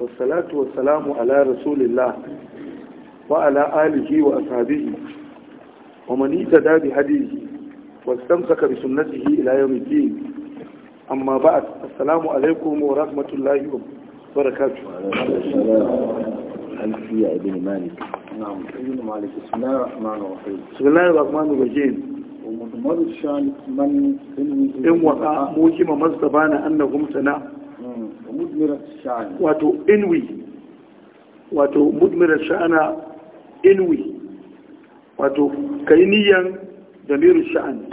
wasalatu wasalamu ala rasulillah wa ala alihi wa ashabihi wa man ittaba bi hadihi wastamsaka bi sunnatihi ila yawm din amma ba'd assalamu alaikum wa rahmatullahi wa barakatuh الألفية ابن مالك نعم ابن مالك بسم الله الرحمن الرحيم بسم الله الرحمن الرحيم ومضمر الشان wato inwi wato mudmirar sha'ana inwi wato kainiyan damirin sha'an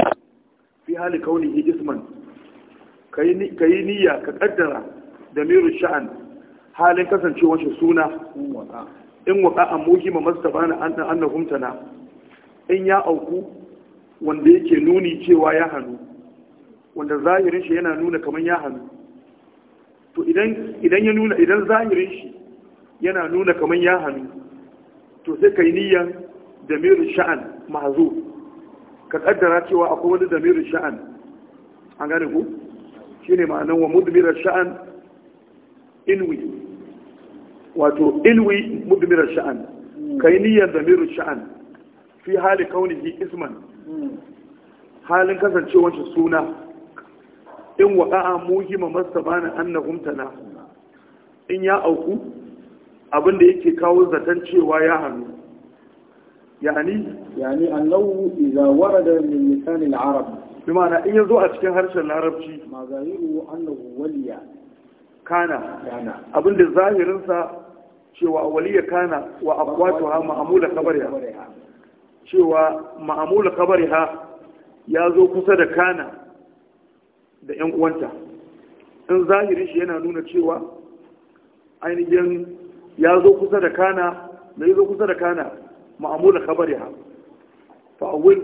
fi hali kaunihi isman kainiya niyya ka kaddara damirin sha'an halin kasancewar shi suna in waka a muhimman mustapha na annan humtana in ya auku wanda yake nuni cewa ya hannu wanda zahirin shi yana nuna kamar ya hannu to idan ya nuna idan zahirin shi yana nuna kamar ya hannu to sai kai niyan damirin sha'an mahazo ka kaddara cewa akwai wani damirin sha'an an gane ku shine ma'anan wa mudmirar sha'an inwi wato inwi mudmirar sha'an kai niyan damirin sha'an fi hali kaunihi isman hmm. halin kasancewar suna in waƙa'a muhimman na annahum tana in ya auku abinda yake kawo zaton cewa ya hannu yani yani annahu idza warada min lisan al-arab ma'ana in yazo a cikin harshen larabci ma zahiru annahu waliya kana kana abinda zahirin sa cewa waliya kana wa aqwatuha ma'mula kabariha cewa ma'mula kabariha yazo kusa da kana da 'yan uwanta in zahirin shi yana nuna cewa ainihin ya zo kusa da kana mai zo kusa da kana ma'amula kabar ya fa'awai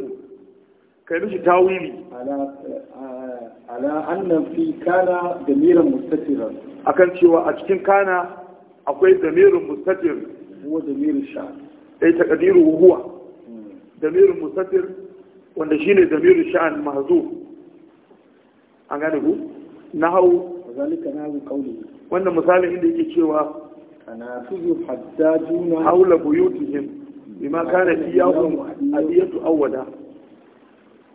kai mishi tawili ala eh, annan fi kana da miran mustatira akan cewa a cikin kana akwai damirin mustatir huwa damirin sha ai eh, takadiru huwa hmm. damirin mustatir wanda shine damirin sha'an mahzuf an gane ku na hau zalika na hau kauli wannan misalin inda yake cewa kana tuzu juna haula buyutihim bima kana iyahum adiyatu awwada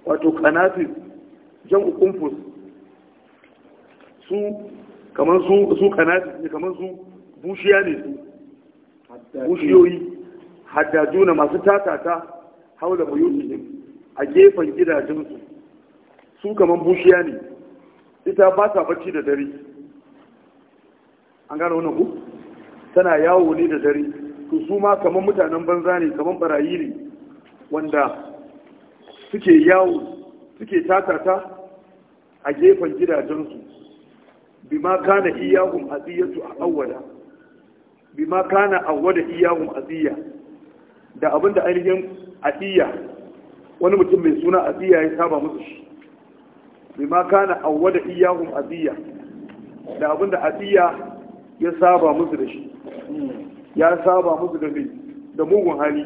wato kanafi jam'u kunfus su kamar su su kanafi ne kamar su bushiya ne su bushiyoyi juna masu tatata haula buyutihim a gefen gidajensu su kamar bushiya ne ita ba ta bacci da dare an gane wannan ku tana yawo ne da dare to su ma kamar mutanen banza ne kamar barayi ne wanda suke yawo suke tatata a gefen gidajensu ma kana iyahum aziyatu a awwala ma kana awwala iyahum aziyya da abinda ainihin asiya wani mutum mai suna aziyya ya saba musu shi bima kana awwada iyahum adiya da abinda adiya ya saba musu da shi ya saba musu da da mugun hali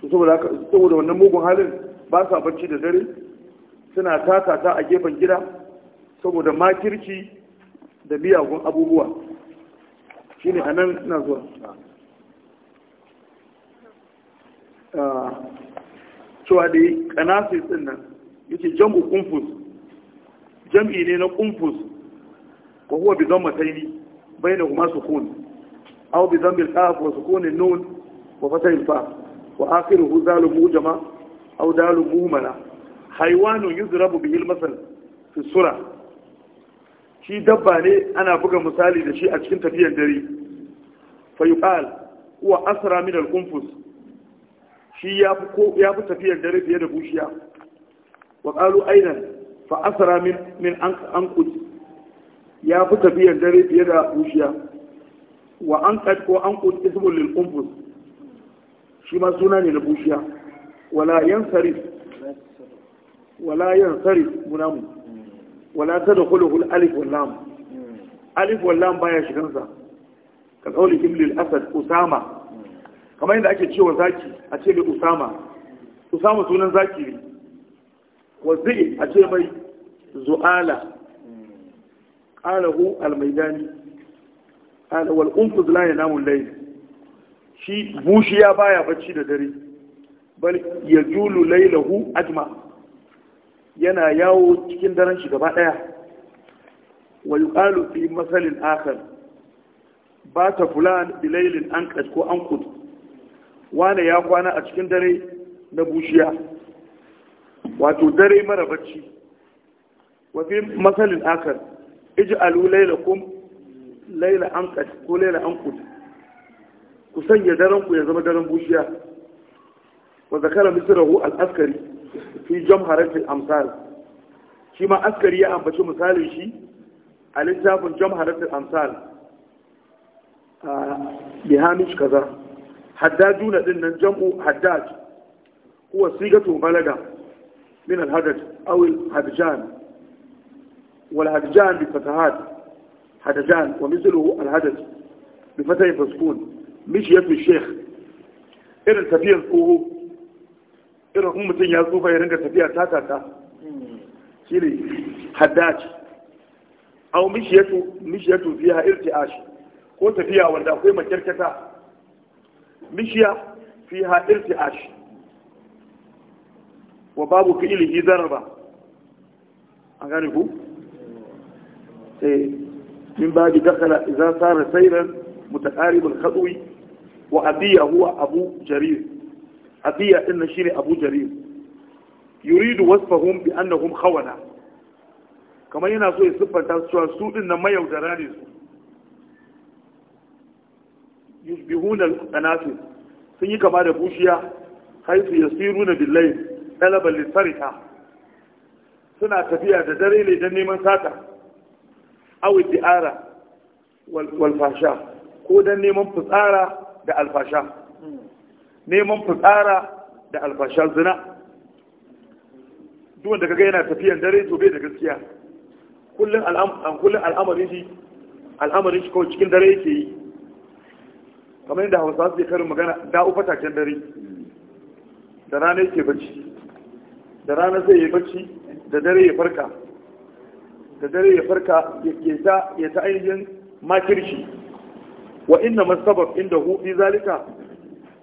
to saboda haka saboda wannan mugun halin ba sa bacci da dare suna ta a gefen gida saboda makirci da miyagun abubuwa shine anan ina zuwa ah, cewa dai kanasis din nan yace jam'u qunfus jam'i ne na qunfus ko huwa bi dhammataini bainahuma sukun aw bi dhammi al-qaf wa sukun an-nun wa fatha al-fa wa akhiruhu dalu mujama aw dalu mumala haywanun yuzrabu bihi al-masal fi sura shi dabba ne ana buga misali da shi a cikin tafiyar dare fa yuqal huwa asra min al-qunfus shi ya fi tafiyar dare fiye da bushiya Waƙalu qalu fa asra min min ya fi tafiyar dare fiye da wuciya wa an qad ko an shi ma suna ne na bushiya wala yansarif wala munamu wala tadkhuluhu al alif wal lam alif wal baya shigansa ka kauli lil asad usama yadda ake cewa zaki a ce da usama usama sunan zaki ne wazi'i a ce mai zu'ala qalahu al-maidani qala wal unfuz la yanamu al-layl shi bushiya baya bacci da dare bal yajulu la'ilahu ajma yana yawo cikin daren gaba ɗaya. wa yuqalu fi masalin akhar bata fulan bilailin anqad ko anqud wane ya kwana a cikin dare na bushiya wato dare mara bacci wa fi masalin akar ij'alu laila an anqat ko la'ila anqut ku sanya daren ku ya zama daren bushiya wa zakara misrahu al-askari fi jamharat al-amsal shi ma askari ya ambaci misalin shi a littafin jamharat al-amsal a bihamish kaza haddajuna din nan jam'u haddaj huwa sigatu balaga من الهدج أو الهدجان والهدجان بفتحات هدجان ومثله الهدج بفتح فسكون مش يسمي الشيخ إذا تفيه الكوهو إذا هم متين يزوفا يرنك تفيه تاتا تا سيري هداج أو مش يتو مش يتو فيها ارتعاش كنت فيها ولا أخوة مكركتا مش فيها ارتعاش wa babu fi fi'ilihi zarba an gani ku eh, min babi dakala idza sara sayran mutaqarib al-khadwi wa abiya huwa abu jarir abiya shi ne abu jarir yuridu wasfahum bi annahum khawana kamar yana so ya siffanta su cewa su din nan mayaudara ne su yusbihuna al-qanatir sun yi kama da bushiya haisu yasiruna bil-layl ɗalabar lissarita suna tafiya da dare ne don neman sata awi di'ara walfasha ko don neman fitsara da alfasha neman fitsara da alfasha zina duwanda kaga yana tafiyan dare to bai da gaskiya kullum al'amarin shi shi kawai cikin dare yake yi kamar yadda hausa su karin magana da'u fataken dare da rana yake bacci da rana zai yi bacci da dare ya farka da dare ya farka ya ta ainihin makirci wa inna masabab inda hudu zalika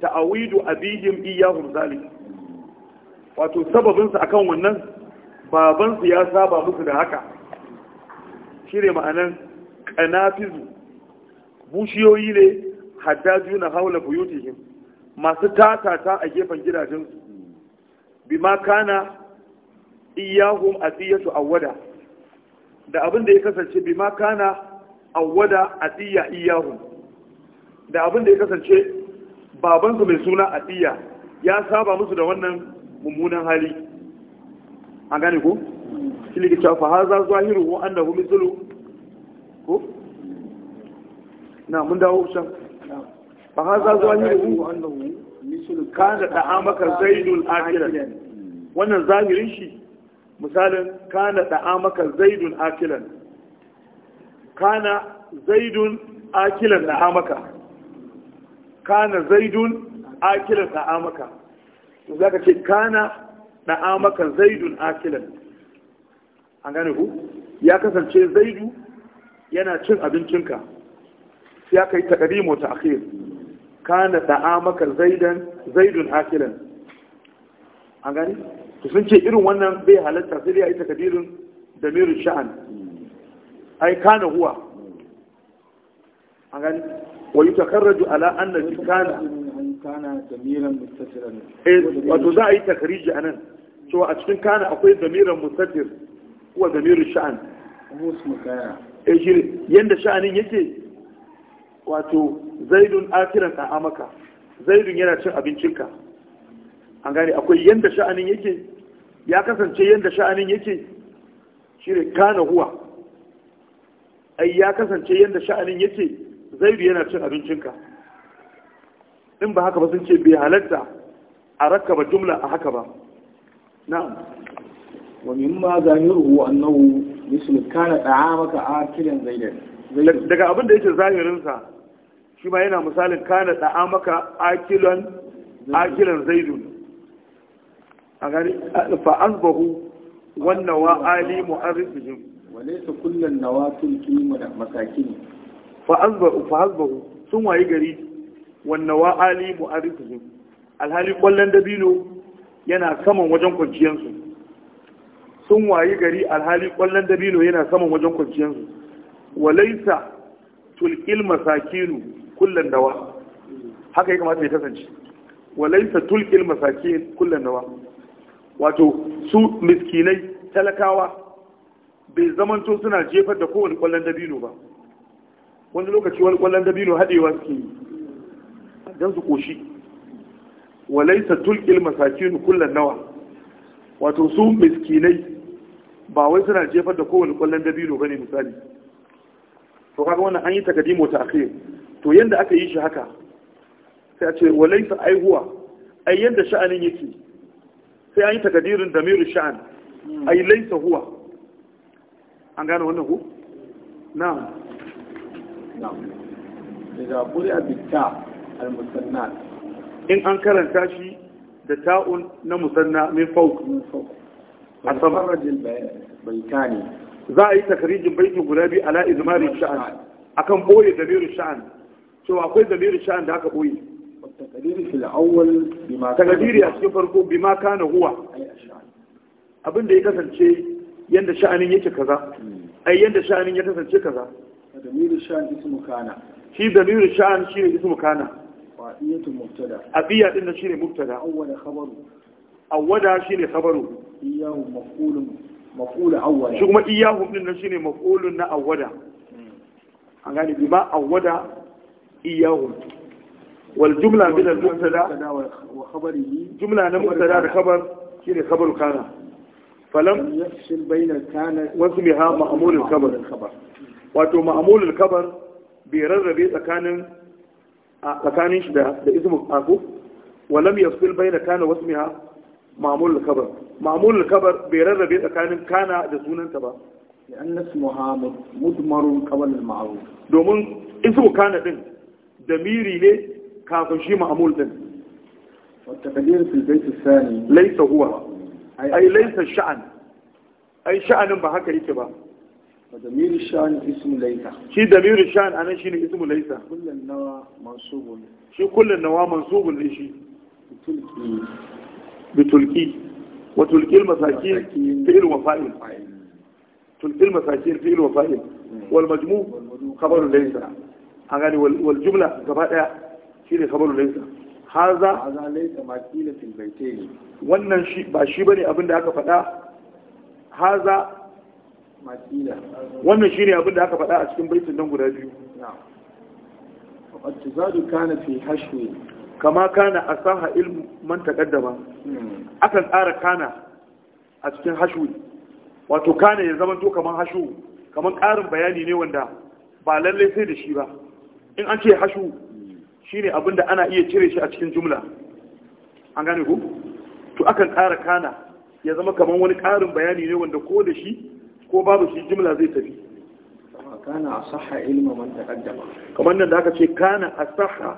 ta'awidu abihim iyahum zalik wato sababinsa akan wannan babansu ya saba musu da haka Shirya ma'anan kanafizu bushiyoyi ne haddaju na haula buyutihim masu tatata a gefen gidajensu bima kana iyahum asiyatu awwada da abin da ya kasance bima kana awwada asiya iyahum da abin da ya kasance su mai suna asiya ya saba musu da wannan mummunan hali an gane ko shi ne ke cewa fa haza zahiru wa annahu mithlu ko na mun dawo shan fa haza zahiru wa annahu kana da amaka zaidun akilan wannan zahirin shi misalin kana da amaka zaidun akilan kana zaidun akilan da amaka kana zaidun akilan da amaka za ka ce kana da amaka zaidun akilan an gane ku ya kasance zaidu yana cin abincinka sai aka yi takadimu ta akhir kana amakar zaidan zaidun akilan an gani to sun ce irin wannan bai halatta sai ya yi takadirin da mirin sha'an ai kana huwa an gani wa yutakarraju ala anna kana kana damiran mustatiran eh wato za a yi takariji anan cewa a cikin kana akwai damiran mustatir kuwa damirin sha'an eh shi yanda sha'anin yake wato zaidun afiran a amaka zaidun yana cin abincinka an gane akwai yanda sha'anin yake ya kasance yanda sha'anin yake shi ne kana huwa ai ya kasance yanda sha'anin yake zaidu yana cin abincinka in ba haka ba sun ce bai halatta a raka ba jumla a haka ba na'am wa mimma zahiruhu annahu mislu kana da'amaka kiran zaidan daga abin da yake zahirinsa shi ma yana misalin kana da amaka akilan akilan zaidun a gani fa azbahu wannan wa ali mu'arrifihim walaysa kullu nawatul qimu da masakin fa azbahu fa azbahu sun wayi gari wannan wa ali mu'arrifihim alhali kwallon dabino yana saman wajen kwanciyansu sun wayi gari alhali kwallon dabino yana saman wajen kwanciyansu walaisa tulkil masakinu kullun dawa haka ya kamata ya kasance walaisa tulkil masakin kullun dawa wato su miskinai talakawa bai zamanto suna jefar da kowane kwallon dabino ba wani lokaci wani kwallon dabino haɗewa suke yi don su koshi walaisa tulkil masakin kullun nawa wato su miskinai ba wai suna jefar da kowane kwallon dabino ba ne misali to kaga wannan an yi takadimo ta akhir to yadda aka yi shi haka sai a ce walaisa aihuwa ai yadda sha'anin yake sai an yi takadirin damirin sha'an ai laisa huwa an gane wannan ku na'am a bitta al-musannat in an karanta shi da ta'un na musanna min fauk a sama za a yi takarijin baitin guda biyu ala izmarin sha'an akan boye damirin sha'an cewa akwai zamirin sha'an da aka ɓoye takadiri a cikin farko bima kana huwa abin da ya kasance yadda sha'anin yake kaza hmm. ai yadda sha'anin ya kasance kaza zamirin sha'an ismu kana shi zamirin sha'an shi ne ismu kana fa'iyatu mubtada abiya din shi ne mubtada awwala khabaru awwada ne khabaru iyahu maf'ulun maf'ul awwala shi kuma iyahu din nan ne maf'ulun na awwada hmm. an gane bima awwada إياهم والجملة من المبتدا وخبره جملة المبتدا خبر كذا خبر كان فلم يفصل بين كان واسمها مأمول الخبر الخبر واتو مأمول الخبر بيرغب تكانن آه، تكانن شبه لإسم أكو ولم يفصل بين كان واسمها مأمول الخبر مأمول الخبر بيرغب تكانن كان دسونا تبا لأن اسمها مضمر قبل المعروف دومون اسم كان دين دميري لي kafin معمول ma'amul والتقدير في البيت الثاني ليس هو أي ليس الشأن أي شأن بهكا يكبا ودمير الشأن اسم ليس شي دمير الشأن أنا شي اسم ليس كل النوى منصوب شي كل النوى منصوب ليشي بتلكي بتلقي وتلقي المساكين في وفائل تلكي المساكين في وفائل والمجموع خبر ليس an gani wal jumla gaba daya shine khabaru laysa haza haza laysa kila fil baitayn wannan shi ba shi bane abin da aka faɗa haza kila wannan shine abin da aka faɗa a cikin baitin nan guda biyu na'am wa tazadu kana fi hashwi kama kana asaha ilmu man taqaddama hmm. akan tsara kana a cikin hashwi wato kana ya zama to kaman hashu kaman ƙarin bayani ne wanda ba lallai sai da shi ba in an ce hashu shine abinda ana iya cire shi a cikin jumla an gane ku to akan ƙara kana ya zama kamar wani ƙarin bayani ne wanda ko da shi ko babu shi jumla zai tafi kana saha ilma man taqaddama kamar nan da aka ce kana a saha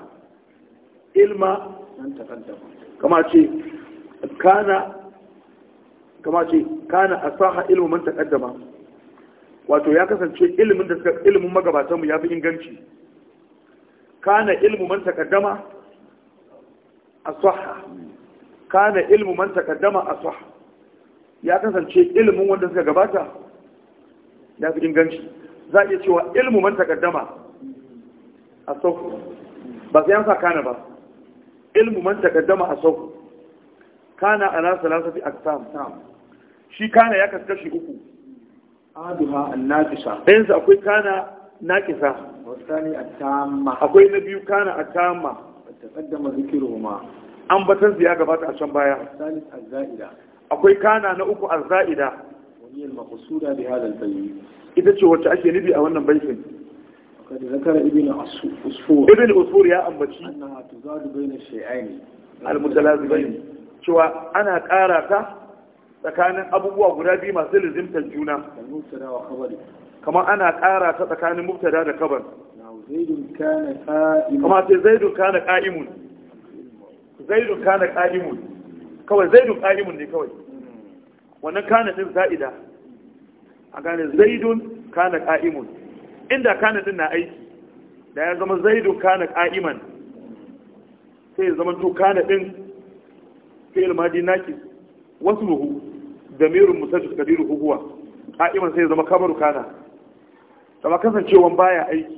ilma man taqaddama kama ce kana kama ce kana a saha ilma man taqaddama wato ya kasance ilimin da suka ilimin magabatanmu ya fi inganci kana ilmu man taqaddama as kana ilmu man taqaddama as ya kasance ilmin wanda suka gabata ya fi inganci za iya cewa ilmu man taqaddama as ba sai an sa kana ba ilmu man taqaddama as-sahha kana ala salasati aqsam shi kana ya kaskashi uku aduha an-naqisha yanzu akwai kana naƙisa akwai na biyu kana a tamma taƙaddama zikiruma ma. Ambatan ya gabata a can baya akwai kana na uku azza'ida ita ce wacce ake nufi a wannan baitin ibn usfur ya ambaci almutalazibain cewa ana ƙara ta tsakanin abubuwa guda biyu masu lizimtar juna kamar ana ƙara ta tsakanin mubtada da kabar kama ce zaidun kana ƙa'imun zaidun kana ƙa'imun kawai zaidun ƙa'imun ne kawai wannan kana ɗin za'ida a gane zaidun kana ƙa'imun inda kana ɗin na aiki da ya zama zaidun kana ƙa'iman sai ya zama to kana ɗin fi'il madi naki wasu ruhu da mirin musajjus kadiru huwa ƙa'iman sai ya zama kabaru kana kama kasancewan baya aiki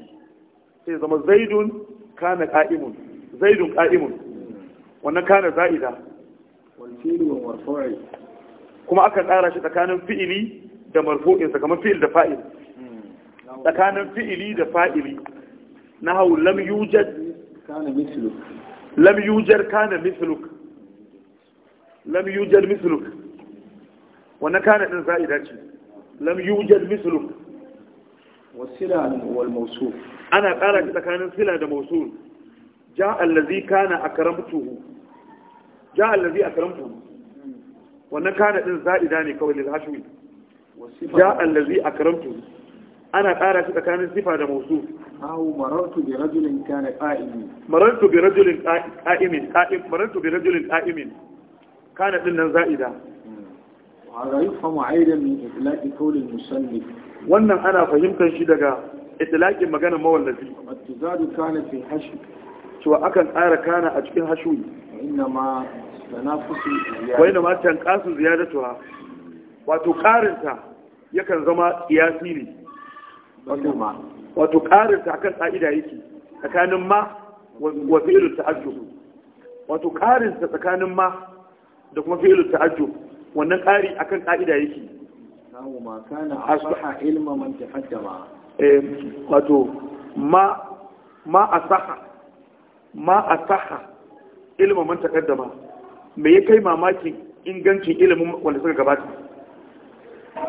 sai zama zaidun kana ka'imun zaidun ka'imun wannan kana za'ida kuma akan tsara shi tsakanin fi'ili da marfu'insa kamar fi'il da fa'il hmm. tsakanin fi'ili da fa'ili na hau lam yujad kana misluk lam yujad kana misluk lam misluk wannan kana din za'ida ce lam yujad misluk والسلة هو الموصول أنا قارك كان السلة موصول جاء الذي كان أكرمته جاء الذي أكرمته وأنا كان إن زائداني كوي للهشوي جاء الذي أكرمته أنا إذا كان السلة موصول أو مررت برجل كان قائم مررت برجل قائم قائم مررت برجل قائم كانت إن زائدة وهذا يفهم عيدا من إخلاق قول المسلم wannan ana fahimtar shi daga itilakin maganar mawallafi zadu kana fi hashi cewa akan ƙara kana a cikin hashuyi innama tanafusu ziyada wa innama tanqasu ziyadatuha wato ƙarinta yakan zama qiyasi ne wato ƙarinta akan ƙa'ida yake tsakanin ma wa fi'lu ta'ajjub wato ƙarinta tsakanin ma da kuma fi'lu ta'ajjub wannan ƙari akan ƙa'ida yake ma eh, me ya kai mamakin ingancin ilimin wanda suka gabata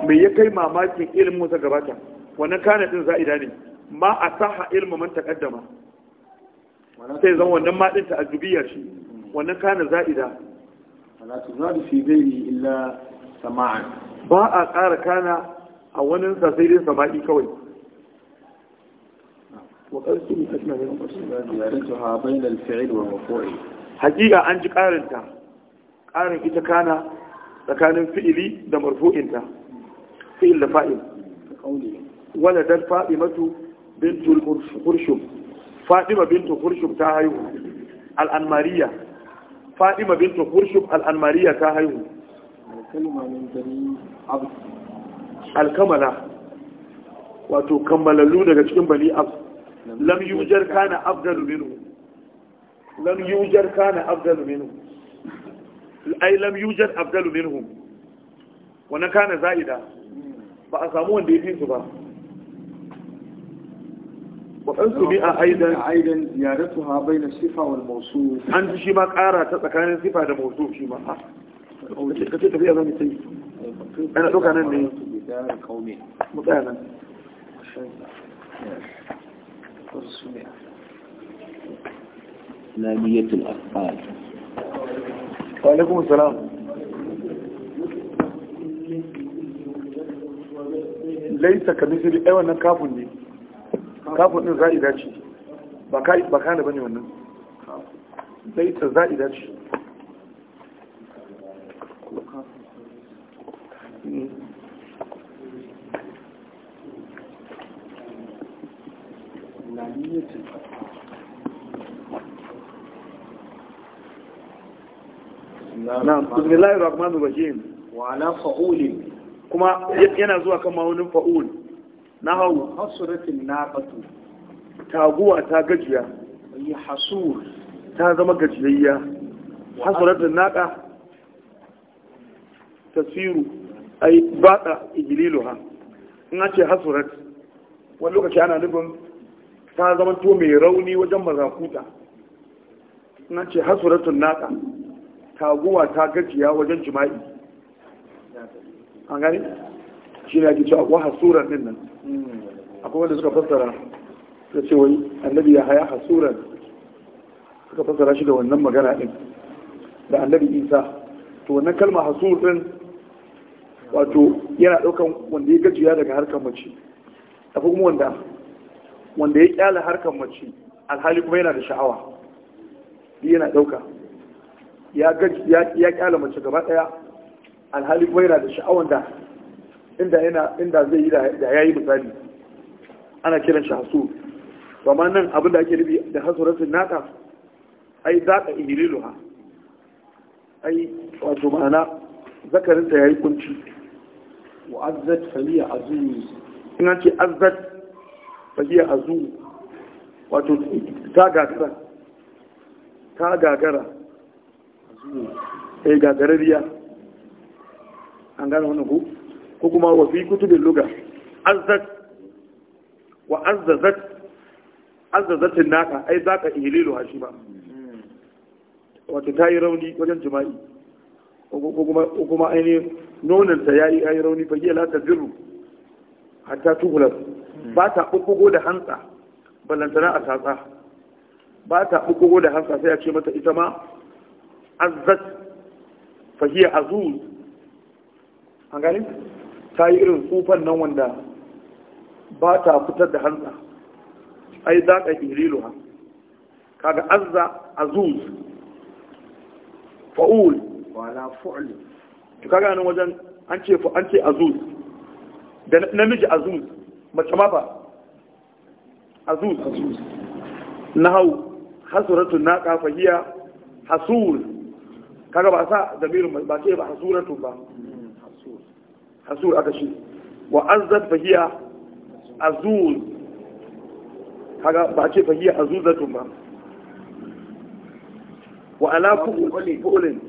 ya kai mamakin ilimin wanda suka gabata wannan kana za'ida ne ma a saha man taqaddama sai zan wannan ma din ta'ajjubiyya shi wannan kana za'ida sama'an ba a ƙara kana a wani sai dai sama'i kawai hakika an ji ƙarinta ƙarin ita kana tsakanin fi'ili da marfu'inta fi'il da fa'il wala faɗi fa'imatu bintul kurshum Faɗima bintul kurshum ta haihu al'anmariya Faɗima bintul kurshum al'anmariya ta haihu alkamala wato kammalallu daga cikin bani abd lam yujar kana afdalu minhu lam yujar kana afdalu minhu ai lam yujar afdalu minhum wannan kana zaida ba a samu wanda ya fi su ba waɗansu bi a aidan aidan bai na sifa wal mawsuf an ji shi ma ƙara ta tsakanin sifa da mawsuf shi ma ka ce tafiya za mu sai ana ɗauka nan ne mu tsaya nan إسلامية الأفعال وعليكم السلام laisa ka misali ɗaya wannan kafin ne kafin ɗin za'ida ce ba ka da bane wannan laisa za'ida ce bismillahir rahmanir rahim wa ala fa'ulin kuma yana zuwa kan ma'aunin fa'ul na hau hasuratin naqatu taguwa ta gajiya yi ta zama gajiyayya hasuratin naqa tasiru ai bada ijliluha in an ce hasurat wani lokaci ana nufin ta zama to mai rauni wajen mazakuta in an ce hasuratun naqa taguwa ta gajiya wajen jima'i an gani shi ne ake cewa wahasuran din nan akwai wanda suka fassara da ce wai annabi ya haya hasuran suka fassara shi da wannan magana din da annabi isa to wannan kalma hasur din wato yana daukan wanda ya gajiya daga harkar mace tafi kuma wanda wanda ya kyala harkar mace alhali kuma yana da sha'awa yana dauka ya gaji ya kyala mace gaba daya alhali kuma yana da sha'awar da inda yana inda zai yi da yayi misali ana kiran shi hasu to amma nan abin da ake nufi da hasuratu naka ai za ka ha ai wato ma'ana zakarin ta yayi kunci wa azzat faliya azumi in an ce azzat faliya azumi wato ta gagara ta gagara eh gagarariya an gane wannan ku ko kuma wa fi kutubin luga azzat wa azzazat azzazatin naka ai za ka ihlilu hashi ba wato ta yi rauni wajen jima'i ko kuma ainihin nonanta ya yi rauni fa yi lata ziru hatta tuhular ba ta ɓuɓɓugo da hantsa ballantana a tatsa ba ta ɓuɓɓugo da hantsa sai a ce mata ita ma azzat fahiya azuz an gani ta yi irin tsufan nan wanda ba ta fitar da hanza ai za ka ha kaga azza azuz fa'ul wala fu'l to kaga nan wajen an ce an ce azuz da namiji azuz mace ma ba azuz azuz nahau hasuratu naqa fahiya hasul kaga ba sa damirin ba ce ba hasuratu ba hasur aka shi wa azzat fahiya azul kaga ba ce fahiya azuzatu ba wa ala fulin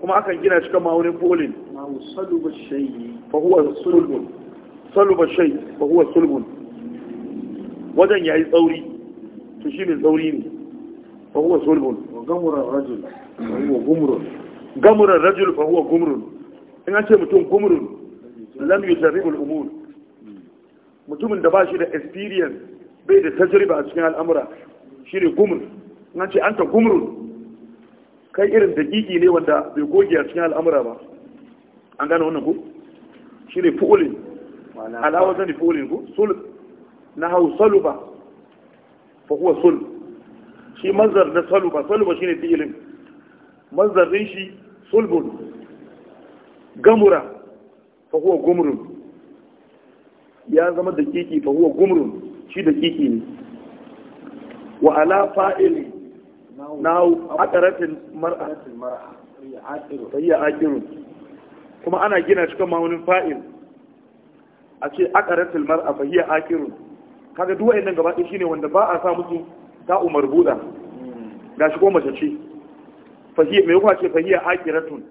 kuma akan gina shi kan ma'aunin fu'ulin saluba shay'i fa huwa sulbun saluba shay'i fa huwa sulbun wajen yayi tsauri to shine tsauri ne fa huwa sulbun wa gamura rajul wa huwa gumrun gamurar rajul fa huwa gumrun in an ce mutum gumrun lam yujarribul umur mutumin da ba shi da experience bai da tajriba a cikin al'amura shine gumrun in an ce anta gumrun kai irin da gigi ne wanda bai goge a cikin al'amura ba an gane wannan ku shine ne al'awa alawar zane fu'ulin ku sul na hau saluba fa huwa sul shi manzar na saluba saluba shine ne fi'ilin mazarrin shi sulbun gamura fa huwa gumrun ya zama da kiki fa huwa gumrun shi da kiki ne wa ala fa'il nahu aqaratil mar'a fayya aqirun kuma ana gina cikin ma'aunin fa'il a ce aqaratil mar'a fayya aqirun kaga duk wayannan gaba shi ne wanda ba a sa musu ta umar buda gashi ko mace ce fahiyya mai kwa ce fahiyya akiratun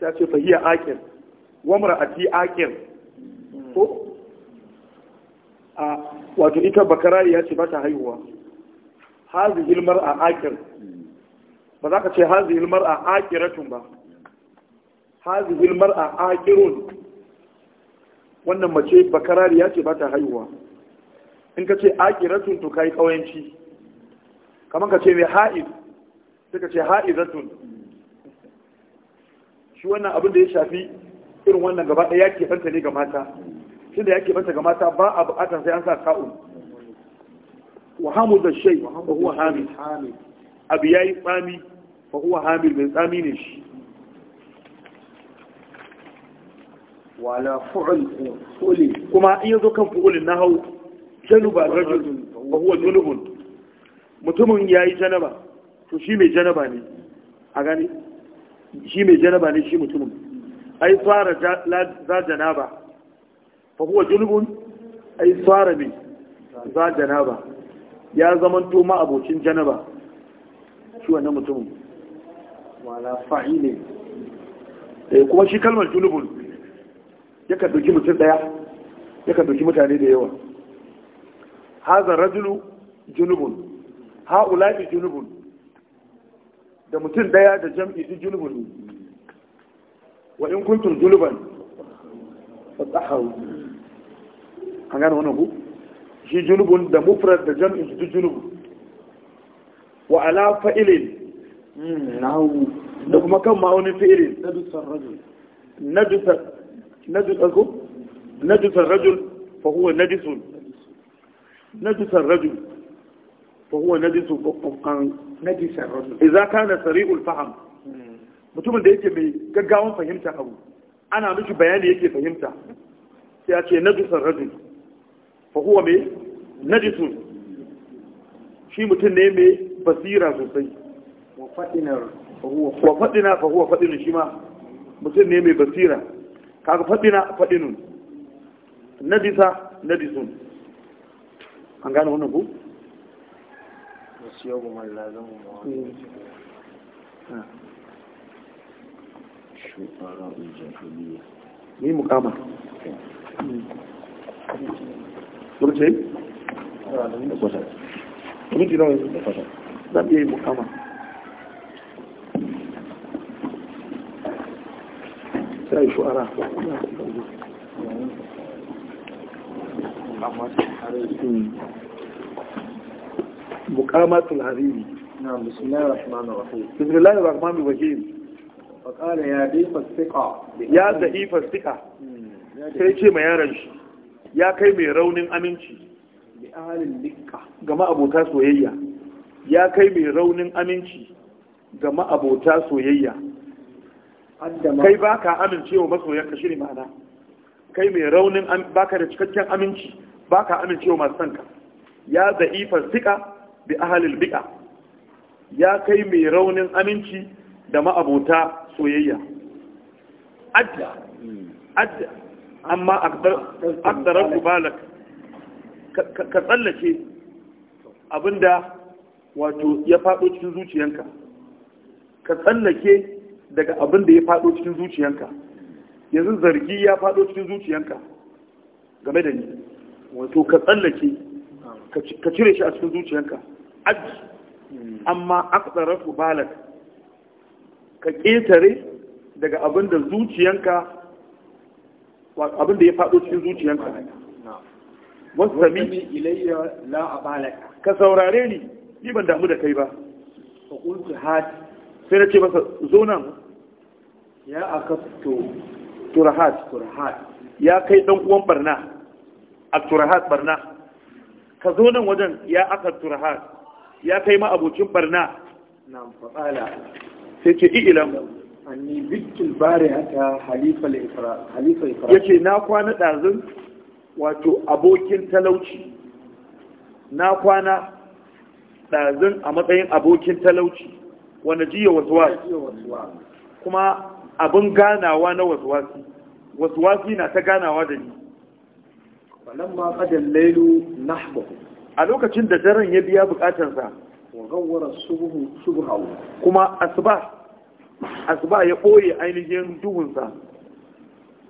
sai ce fahiyya akir wamra ati akir ko a wato ita bakarari ya ce ba ta haihuwa hazihil mar'a akir ba za ka ce hazihil mar'a akiratun ba hazihil mar'a akirun wannan mace bakarari ya ce ba ta haihuwa in ka ce akiratun to kai kawayanci kamar ka ce mai ha'id suka ce ha izatun shi wannan abin da ya shafi irin wannan gaba ɗaya yake fanta ne ga mata da yake fanta ga mata ba a bukatar sai an sa ka'un wa hamu da shai wa huwa hamil abu ya yi tsami wa huwa hamil mai tsami ne shi wala fu'ul kuma in yanzu kan fu'ulin hau janubar rajul ba huwa junubun mutumin ya yi janaba to shi mai janaba ne a gani shi mai janaba ne shi mutumin ai fara za janaba fa huwa junubun ai fara mai za janaba ya zamanto ma abocin janaba shi wannan mutumin wala fa'i fa'ile eh, kuma shi kalmar ya ka doki mutum daya ya ka doki mutane da yawa hazar rajulu junubun ha'ula'i junubun da mutum daya da jam'i duk junubun wa in kuntum junuban fasaharu an gane wannan ku shi junubun da mufrad da jam'i duk junubu wa ala fa'ilin da kuma kan ma'auni ma'aunin Na najisar rajul fa huwa Na najisar rajul فهو نجس نجس الرجل إذا كان سريع الفهم mutumin da yake mai gaggawan fahimta abu ana mishi bayani yake fahimta sai a ce najisar rajul fa huwa mai najisun shi mutum ne mai basira sosai wa faɗina fa huwa faɗinun shi ma mutum ne mai basira kaga faɗina faɗinun najisa najisun an gane wannan ku? وسيوم اللازم شعراء الجاهلية مين مقامة؟ Turce? Turce nawa yanzu da mukama. Sai shu'ara. Amma muqamatul hariri na'am bismillahir rahmanir rahim bismillahir rahmanir rahim fa qala ya difas thiqa ya difas thiqa sai ce ma yaran shi ya kai mai raunin aminci bi ahlil dikka ga abota soyayya ya kai mai raunin aminci ga abota soyayya kai baka ka amincewa masoyanka shi ne ma'ana kai mai raunin baka da cikakken aminci Baka ka amincewa masu sanka ya za'ifar sika bi ahalil bi'a ya kai mai raunin aminci da ma'abota soyayya adda adda amma akdarar kubalak ka tsallake abinda wato ya faɗo cikin zuciyanka ka tsallake daga abinda ya faɗo cikin zuciyanka yanzu zargi ya faɗo cikin zuciyanka game da ni wato ka tsallake ka cire shi a cikin zuciyanka aji amma aksara su balat ka ƙetare daga abin da zuciyanka abinda ya faɗo cikin zuciyanka wasu sami ilayya la a balaka ka saurare ni ni ban damu da kai ba sai na ce masa zo nan ya aka turahat turahat ya kai dan uwan barna a turahat barna ka zo nan wajen ya aka turahat ya kai ma abokin barna na faqala sai ce ilam anni bitul haka halifa al ya ce na kwana ɗazin wato abokin talauci na kwana ɗazin a matsayin abokin talauci wanda jiya waswas kuma abin ganawa na waswasi waswasi na ta ganawa da ni walamma qadal lailu na a lokacin da daren ya biya bukatarsa kuma asuba asuba ya boye ainihin duhunsa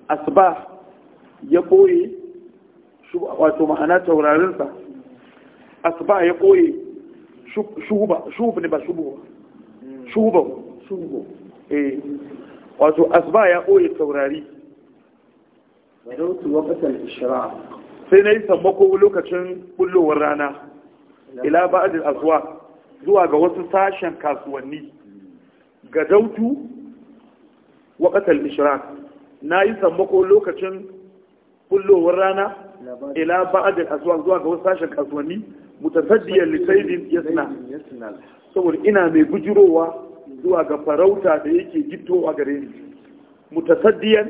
asuba ya boye wato ma'ana taurarinsa asuba ya boye shubu ne ba shubu hmm. shubu eh, wato asuba ya boye taurari wadautu wakatar ishraq sai na yi sammako lokacin bullowar rana ila ba'adil aswa zuwa ga wasu sashen kasuwanni ga dautu wa qatal ishrak na yi sammako lokacin bullowar rana ila ba'adil aswa zuwa ga wasu sashen kasuwanni mutasaddiyar lisaidin yasna saboda ina mai bujirowa zuwa ga farauta da yake gito a gare ni mutasaddiyan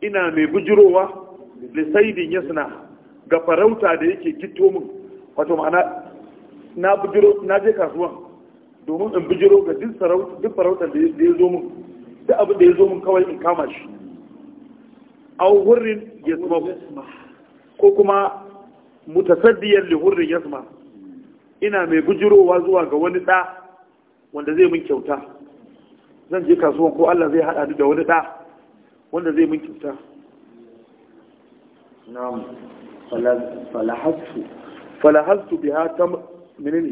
ina mai bujirowa lisaidin suna ga farauta da yake gito min wato ma'ana na bujiro na je kasuwan domin in bujiro ga duk farauta da ya zo min duk abin da ya zo min kawai in kama shi aw hurrin yasma ko kuma mutasaddiyar li hurrin yasma ina mai bujirowa zuwa ga wani ɗa wanda zai min kyauta zan je kasuwan ko Allah zai haɗa da wani ɗa wanda zai min kyauta na'am falahastu biha tam menene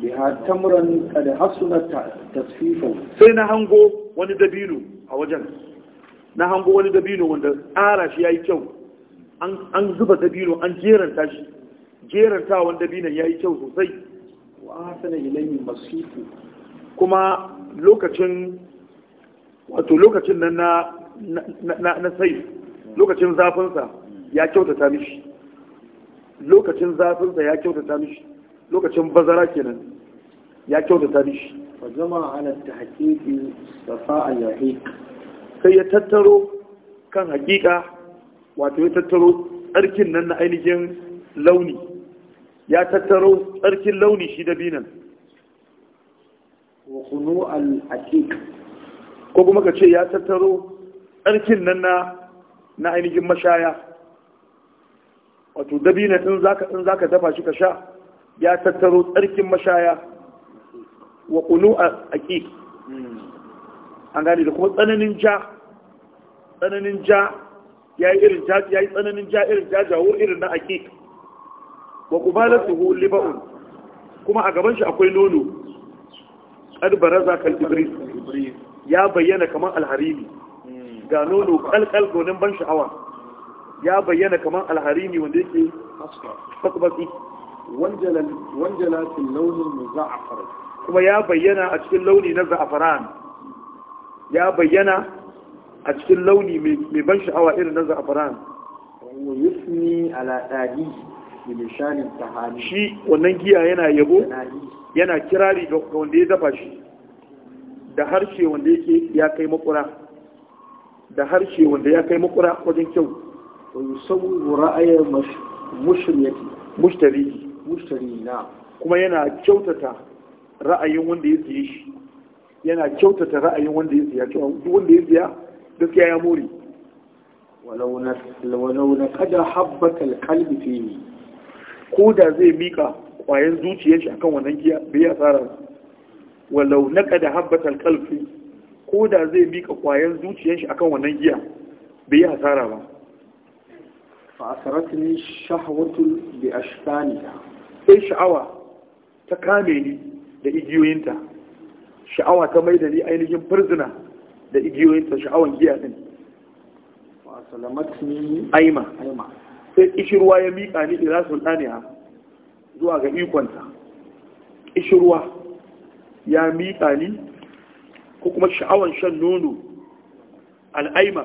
biha tamran kad sai na hango wani dabino a wajen na hango wani dabino wanda tsara shi yayi kyau an zuba dabino an jeranta shi jerantawan dabinon yayi kyau sosai wa hasana ilayhi masifu kuma lokacin wato lokacin na sai lokacin zafinsa ya kyautata mishi lokacin zafinsa ya kyautata mishi lokacin bazara kenan ya kyautata mishi fa jama'a ala tahqiqi safa al-yahiq sai ya tattaro kan hakika wato ya tattaro tsarkin nan na ainihin launi ya tattaro tsarkin launi shi da binan wa khunu al-aqiq ko kuma ka ce ya tattaro tsarkin nan na na ainihin mashaya wato dabina in zaka in zaka dafa shi ka sha ya tattaro tsarkin mashaya wa a aqiq an gani da kuma tsananin ja tsananin ja yayi irin ja yayi tsananin ja irin jawo irin na aqiq wa qubalatuhu liba'un kuma a gaban shi akwai nono qad baraza kal ibris ya bayyana kamar alharimi hmm. ga nono kalkal gonin ban sha'awa ya bayyana kamar alharimi wanda yake fasfasi wanjala cikin launin za'afara kuma ya bayyana a cikin launi na za'afaran ya bayyana a cikin launi mai ban sha'awa irin na za'afaran wa yusni ala da nishanin lishanin tahani shi wannan giya yana yabo yana kirari ga wanda ya dafa shi da harshe wanda yake ya kai makura da harshe wanda ya kai makura wajen kyau ويسوغ رأي مشريتي مشتري مشتري kuma yana kyautata ra'ayin wanda ya siye shi yana kyautata ra'ayin wanda ya siya cewa wanda ya siya gaskiya ya more walau na kada habbatal kalbi fi ko da zai mika kwayan zuciyar shi akan wannan giya bai ya tsara walau na kada habbatal kalbi ko da zai mika kwayan zuciyar shi akan wannan giya bai ya tsara ba fa'asaratni shahwatul bi ashfaniha sai sha'awa ta kame ni da igiyoyinta sha'awa ta mai da ni ainihin firzina da igiyoyinta sha'awan giya din fa'asalamatni aima sai kishirwa ya miƙa ni ila sultaniya zuwa ga ikonta kishirwa ya miƙa ni ko kuma sha'awan shan nono al'aima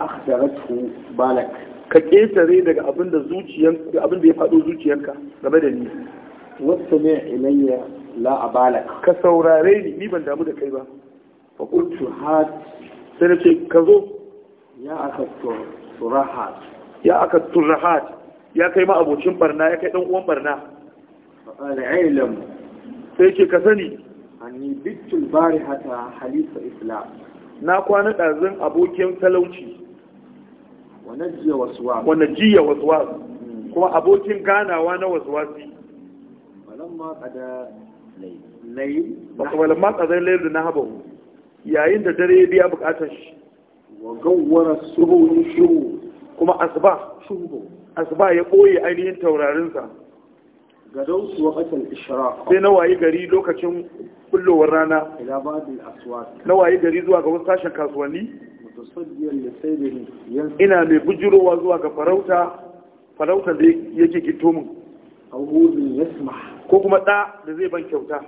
akhdaratu balak ka ketare daga abin da ya faɗo zuciyarka game da ni wasu ne ilayya la abalak ka saurare ni ni ban damu da kai ba fa qultu hat sai ce ka zo ya aka turahat ya aka turahat ya kai ma abocin barna ya kai dan uwan barna fa qala sai ce ka sani anni bitul barihata halifa islam na kwana ɗazin abokin talauci wa najiya waswas kuma abokin ganawa na waswasi walamma qada layl walamma qada na Habu? yayin da dare ya biya bukatar shi wa gawwara subu shu kuma asba asba ya ɓoye ainihin taurarin sa don su waqatal ishraq sai wayi gari lokacin kullowar rana ila wayi gari zuwa ga wasu sashen kasuwanni ina mai bujirowa zuwa ga farauta farauta da yake gito min ko kuma ɗa da zai ban kyauta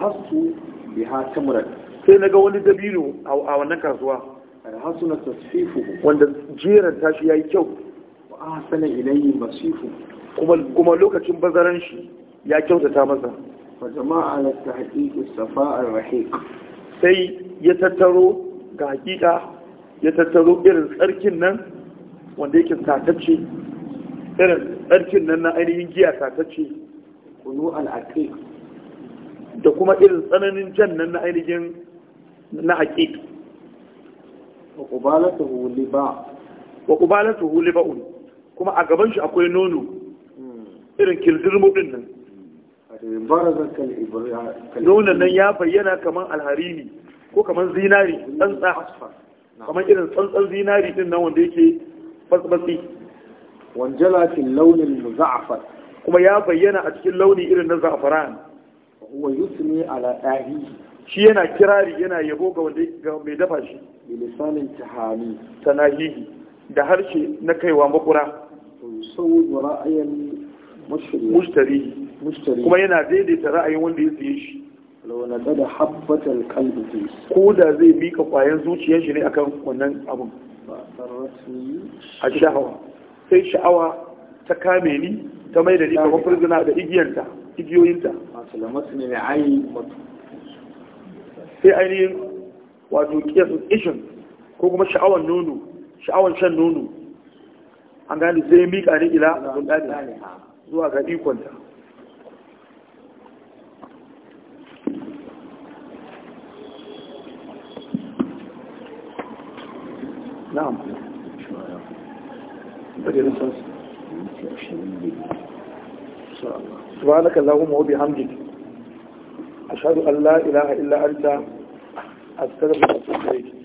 hasu bi ha tamrat sai na ga wani dabino a wannan kasuwa hasu na tasfifu wanda jeran tashi yayi kyau wa ahsana ilayhi masifu kuma kuma lokacin bazaran shi ya kyautata masa wa jama'a ala tahqiq safa ar-rahiq sai ya tattaro ga hakika ya tattaro irin tsarkin nan wanda yake satacce irin tsarkin nan na ainihin giya satacce kunu al'aqiq da kuma irin tsananin jan nan na ainihin na haqiq wa huli ba. wa ba liba'un kuma a gaban shi akwai nono hmm. irin kildirmu din nan nonon nan ya bayyana kamar ne ko kamar zinari tsantsa kamar irin tsantsan zinari din nan wanda yake fasbatsi wanjala fil launin muza'afar kuma ya bayyana a cikin launi irin na za'afaran wa yusmi ala ahi shi yana kirari yana yabo ga wanda ga mai dafa shi bilisanin tahani tanahihi da harshe na kaiwa makura sauwa ra'ayin mushtari kuma yana daidaita ra'ayin wanda ya siye shi launa tsada habbatal kalbi ko da zai mika ƙwayan zuciyar shi ne akan wannan abun a sha'awa sai sha'awa ta kame ni ta mai da ni kamar furzuna da igiyanta igiyoyinta sai ainihin wato kiyasun ishin ko kuma sha'awar nono sha'awar shan nono an gani sai mika ni ila zuwa ga ikonta نعم سبحانك اللهم وبحمدك أشهد أن لا إله إلا أنت أستغفرك واتوب اليك